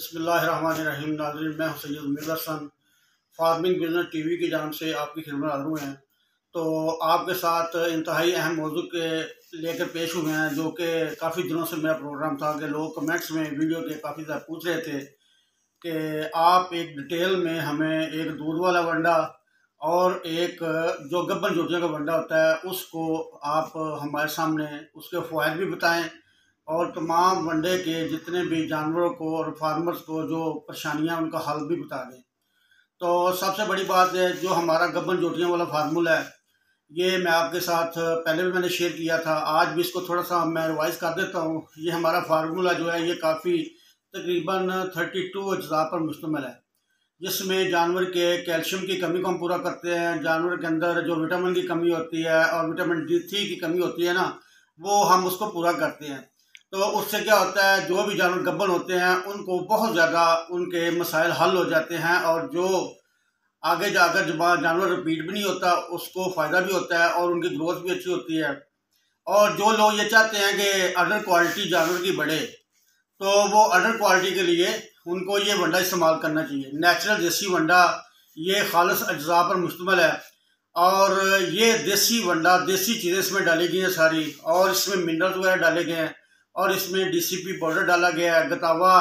बसमीम नाजरीन मैं सैद मिर्सन फार्मिंग बिजनेस टी वी की जान से आपकी खिदमत हारू हैं तो आपके साथ इंतहाई अहम मौजू के लेकर पेश हुए हैं जो कि काफ़ी दिनों से मेरा प्रोग्राम था कि लोग कमेंट्स में वीडियो के काफ़ी ज़्यादा पूछ रहे थे कि आप एक डिटेल में हमें एक दूध वाला वंडा और एक जो गब्बन जोटियों का वंडा होता है उसको आप हमारे सामने उसके फ़ायदे भी बताएँ और तमाम वनडे के जितने भी जानवरों को और फार्मर्स को जो परेशानियां उनका हल भी बता दें तो सबसे बड़ी बात है जो हमारा गबन जोटियाँ वाला फार्मूला है ये मैं आपके साथ पहले भी मैंने शेयर किया था आज भी इसको थोड़ा सा मैं रिवाइज कर देता हूँ ये हमारा फार्मूला जो है ये काफ़ी तकरीबन थर्टी टू अज्जा पर मुश्तमल है जिसमें जानवर के कैल्शियम की कमी को हम पूरा करते हैं जानवर के अंदर जो विटामिन की कमी होती है और विटामिन डी थ्री की कमी होती है ना वो हम उसको पूरा करते हैं तो उससे क्या होता है जो भी जानवर गब्बन होते हैं उनको बहुत ज़्यादा उनके मसाइल हल हो जाते हैं और जो आगे जाकर जब जानवर रिपीट भी नहीं होता उसको फ़ायदा भी होता है और उनकी ग्रोथ भी अच्छी होती है और जो लोग ये चाहते हैं कि अदर क्वालिटी जानवर की बढ़े तो वो अदर क्वालिटी के लिए उनको ये वंडा इस्तेमाल करना चाहिए नेचुरल देसी वंडा ये खालस अज्जा पर मुश्तमल है और ये देसी वंडा देसी चीज़ें इसमें डाली गई हैं सारी और इसमें मिनरल्स वगैरह डाले गए हैं और इसमें डीसीपी पाउडर डाला गया है गतावा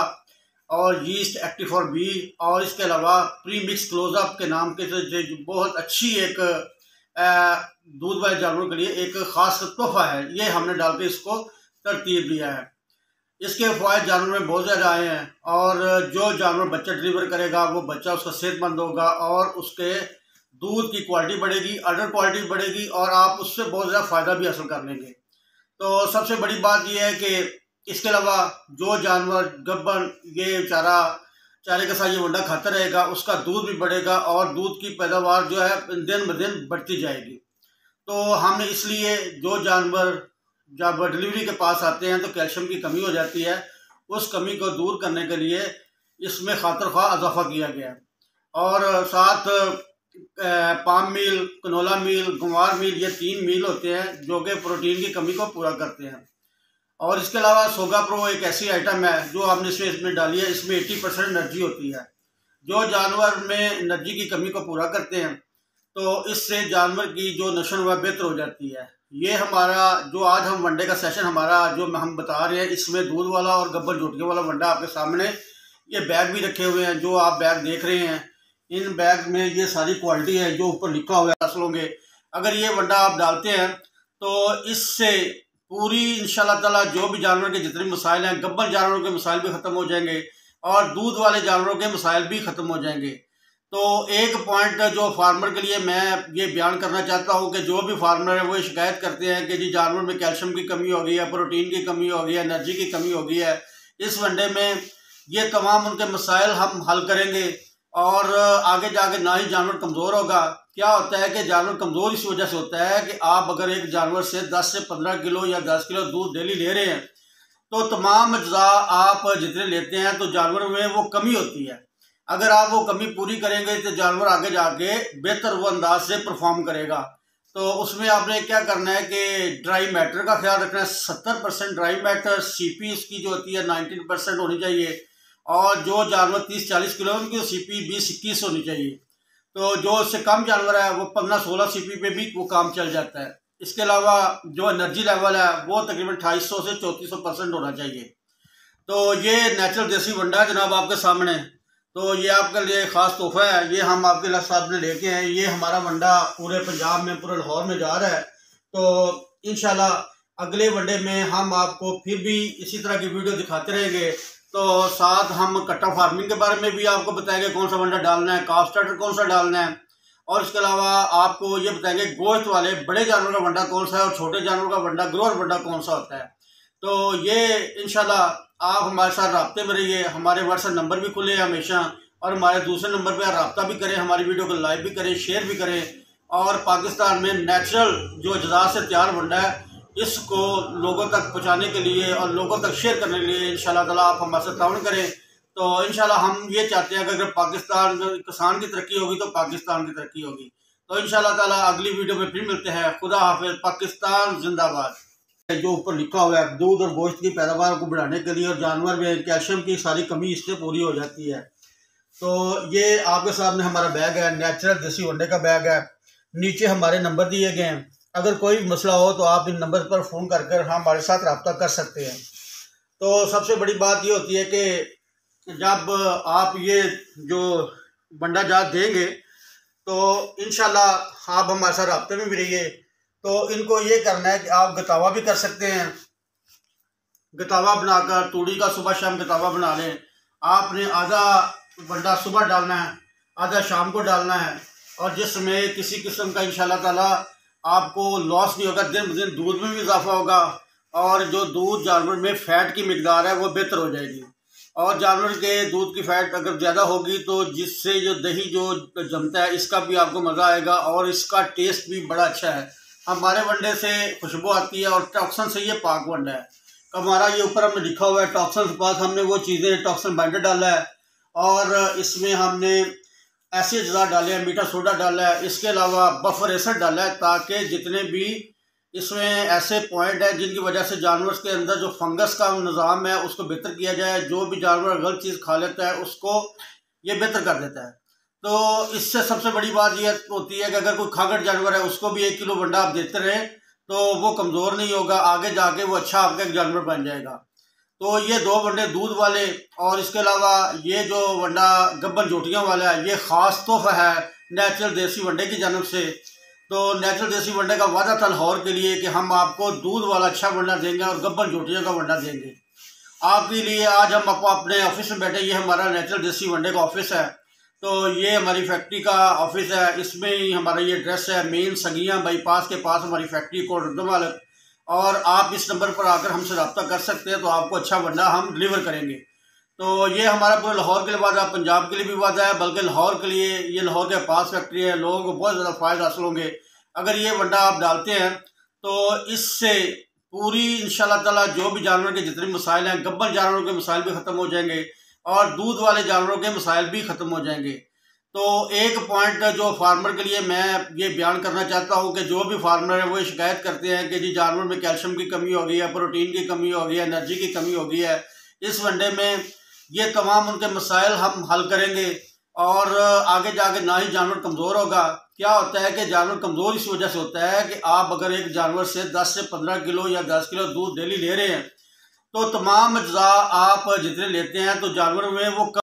और यीस्ट एक्टिव फॉर बी और इसके अलावा प्री मिक्स क्लोजअप के नाम के से बहुत अच्छी एक दूध वाले जानवरों के लिए एक ख़ास तोहफा है ये हमने डाल के इसको तरतीब दिया है इसके फायदे जानवर में बहुत ज़्यादा आए हैं और जो जानवर बच्चा डिलीवर करेगा वो बच्चा उसका सेहतमंद होगा और उसके दूध की क्वालिटी बढ़ेगी अडर क्वालिटी बढ़ेगी और आप उससे बहुत ज़्यादा फ़ायदा भी हासिल कर लेंगे तो सबसे बड़ी बात यह है कि इसके अलावा जो जानवर गब्बन ये चारा चारे के साथ ये मुंडा खाता रहेगा उसका दूध भी बढ़ेगा और दूध की पैदावार जो है दिन ब दिन बढ़ती जाएगी तो हमने इसलिए जो जानवर जब डिलीवरी के पास आते हैं तो कैल्शियम की कमी हो जाती है उस कमी को दूर करने के लिए इसमें खातर खा इजाफा किया गया और साथ palm meal canola meal guar meal ये तीन मील होते हैं जो कि प्रोटीन की कमी को पूरा करते हैं और इसके अलावा सोगा प्रो एक ऐसी आइटम है जो आपने इसमें इसमें डाली है इसमें एट्टी परसेंट एनर्जी होती है जो जानवर में एनर्जी की कमी को पूरा करते हैं तो इससे जानवर की जो नशन हुआ बेहतर हो जाती है ये हमारा जो आज हम वनडे का सेशन हमारा जो हम बता रहे हैं इसमें दूध वाला और गब्बर झुटके वाला वनडा आपके सामने ये बैग भी रखे हुए हैं जो आप बैग देख रहे हैं इन बैग में ये सारी क्वालिटी है जो ऊपर लिखा हुआ है फसलों अगर ये वंडा आप डालते हैं तो इससे पूरी इन ताला जो भी जानवर के जितने मसाइल हैं गब्बर जानवरों के मसाइल भी ख़त्म हो जाएंगे और दूध वाले जानवरों के मसाइल भी ख़त्म हो जाएंगे तो एक पॉइंट जो फार्मर के लिए मैं ये बयान करना चाहता हूँ कि जो भी फार्मर है वो शिकायत करते हैं कि जी जानवर में कैल्शियम की कमी हो गई है प्रोटीन की कमी हो गई है एनर्जी की कमी हो गई है इस वंडे में ये तमाम उनके मसाइल हम हल करेंगे और आगे जाके ना ही जानवर कमज़ोर होगा क्या होता है कि जानवर कमज़ोर इस वजह से होता है कि आप अगर एक जानवर से 10 से 15 किलो या 10 किलो दूध डेली ले रहे हैं तो तमाम अज्जा आप जितने लेते हैं तो जानवर में वो कमी होती है अगर आप वो कमी पूरी करेंगे तो जानवर आगे जाके बेहतर वो अंदाज से परफॉर्म करेगा तो उसमें आपने क्या करना है कि ड्राई मैटर का ख्याल रखना है सत्तर percent dry matter C P इसकी जो होती है नाइनटीन परसेंट होनी चाहिए और जो जानवर तीस चालीस किलो है उनकी सी पी बीस इक्कीस होनी चाहिए तो जो उससे कम जानवर है वो पंद्रह सोलह सी पी पे भी वो काम चल जाता है इसके अलावा जो एनर्जी लेवल है वो तकरीबन अठाईस सौ से चौंतीस सौ परसेंट होना चाहिए तो ये नेचुरल देसी वंडा है जनाब आपके सामने तो ये आपके लिए ख़ास तोहफा है ये हम आपके लिए साथ में लेके हैं ये हमारा वंडा पूरे पंजाब में पूरे लाहौर में जा रहा है तो इन अगले वंडे में हम आपको फिर भी इसी तरह की वीडियो दिखाते रहेंगे तो साथ हम कट्टा फार्मिंग के बारे में भी आपको बताएंगे कौन सा वंडा डालना है कास्टर कौन सा डालना है और इसके अलावा आपको ये बताएंगे गोश्त वाले बड़े जानवर का वंडा कौन सा है और छोटे जानवर का वंडा ग्रोअर वंडा कौन सा होता है तो ये इनशाला आप हमारे साथ रबते में रहिए हमारे व्हाट्सएप नंबर भी खुले हैं हमेशा और हमारे दूसरे नंबर पर रबता भी करें हमारी वीडियो को लाइक भी करें शेयर भी करें और पाकिस्तान में नेचुरल जो अजदात से तैयार वंडा है इसको लोगों तक पहुँचाने के लिए और लोगों तक शेयर करने के लिए इन ताला आप हमारे साथ ताउन करें तो इन हम ये चाहते हैं कि अगर पाकिस्तान किसान की तरक्की होगी तो पाकिस्तान की तरक्की होगी तो इन ताला अगली वीडियो में फिर मिलते हैं खुदा हाफिज पाकिस्तान जिंदाबाद जो ऊपर लिखा हुआ है दूध और गोश्त की पैदावार को बढ़ाने के लिए और जानवर में कैल्शियम की सारी कमी इससे पूरी हो जाती है तो ये आपके सामने हमारा बैग है नेचुरल देसी होने का बैग है नीचे हमारे नंबर दिए गए हैं अगर कोई भी मसला हो तो आप इन नंबर पर फ़ोन कर कर हमारे साथ रबता कर सकते हैं तो सबसे बड़ी बात ये होती है कि जब आप ये जो बंडा जात देंगे तो इन आप हमारे साथ रबते में भी रहिए तो इनको ये करना है कि आप गतावा भी कर सकते हैं गतावा बनाकर तूड़ी का सुबह शाम गतावा बना लें आपने आधा बंडा सुबह डालना है आधा शाम को डालना है और जिसमें किसी किस्म का इन शाह आपको लॉस नहीं होगा दिन ब दिन दूध में भी इजाफा होगा और जो दूध जानवर में फैट की मकदार है वो बेहतर हो जाएगी और जानवर के दूध की फैट अगर ज़्यादा होगी तो जिससे जो दही जो जमता है इसका भी आपको मज़ा आएगा और इसका टेस्ट भी बड़ा अच्छा है हमारे वनडे से खुशबू आती है और टॉक्सन से ये पाक वनडा है हमारा ये ऊपर हमने लिखा हुआ है टॉक्सन के पास हमने वो चीज़ें टॉक्सन बाइंडर डाला है और इसमें हमने ऐसी अज्जा हैं मीठा सोडा डाला है इसके अलावा बफर एसड डाला है ताकि जितने भी इसमें ऐसे पॉइंट हैं जिनकी वजह से जानवर के अंदर जो फंगस का निज़ाम है उसको बेहतर किया जाए जो भी जानवर गलत चीज़ खा लेता है उसको ये बेहतर कर देता है तो इससे सबसे बड़ी बात यह होती है कि अगर कोई खागड़ जानवर है उसको भी एक किलो बंडा आप देते रहें तो वो कमज़ोर नहीं होगा आगे जाके वो अच्छा आपका एक जानवर बन जाएगा तो ये दो वंडे दूध वाले और इसके अलावा ये जो वंडा गब्बर जोटियाँ वाला है ये ख़ास तोहफा है नेचुरल देसी वंडे की जानब से तो नेचुरल देसी वंडे का वादा था लाहौर के लिए कि हम आपको दूध वाला अच्छा वंडा देंगे और गब्बर जोटियों का वंडा देंगे आपके लिए आज हम आपको अपने ऑफिस में बैठे ये हमारा नेचुरल देसी वंडे का ऑफिस है तो ये हमारी फैक्ट्री का ऑफिस है इसमें ही हमारा ये एड्रेस है मेन सगिया बाईपास के पास हमारी फैक्ट्री को रद्दम और आप इस नंबर पर आकर हमसे रबता कर सकते हैं तो आपको अच्छा वंडा हम डिलीवर करेंगे तो ये हमारा पूरे लाहौर के लिए वादा है पंजाब के लिए भी वादा है बल्कि लाहौर के लिए ये लाहौर के पास फैक्ट्री है लोगों को बहुत ज़्यादा फ़ायदा हासिल होंगे अगर ये वंडा आप डालते हैं तो इससे पूरी इन तला जो भी जानवर के जितने मसाइल हैं गब्बर जानवरों के मसाइल भी ख़त्म हो जाएंगे और दूध वाले जानवरों के मसाइल भी ख़त्म हो जाएंगे तो एक पॉइंट जो फार्मर के लिए मैं ये बयान करना चाहता हूँ कि जो भी फार्मर है वो शिकायत करते हैं कि जी जानवर में कैल्शियम की कमी हो गई है प्रोटीन की कमी हो गई है एनर्जी की कमी हो गई है इस वनडे में ये तमाम उनके मसाइल हम हल करेंगे और आगे जाके ना ही जानवर कमज़ोर होगा क्या होता है कि जानवर कमज़ोर इस वजह से होता है कि आप अगर एक जानवर से दस से पंद्रह किलो या दस किलो दूध डेली ले रहे हैं तो तमाम अज्जा आप जितने लेते हैं तो जानवर में वो कम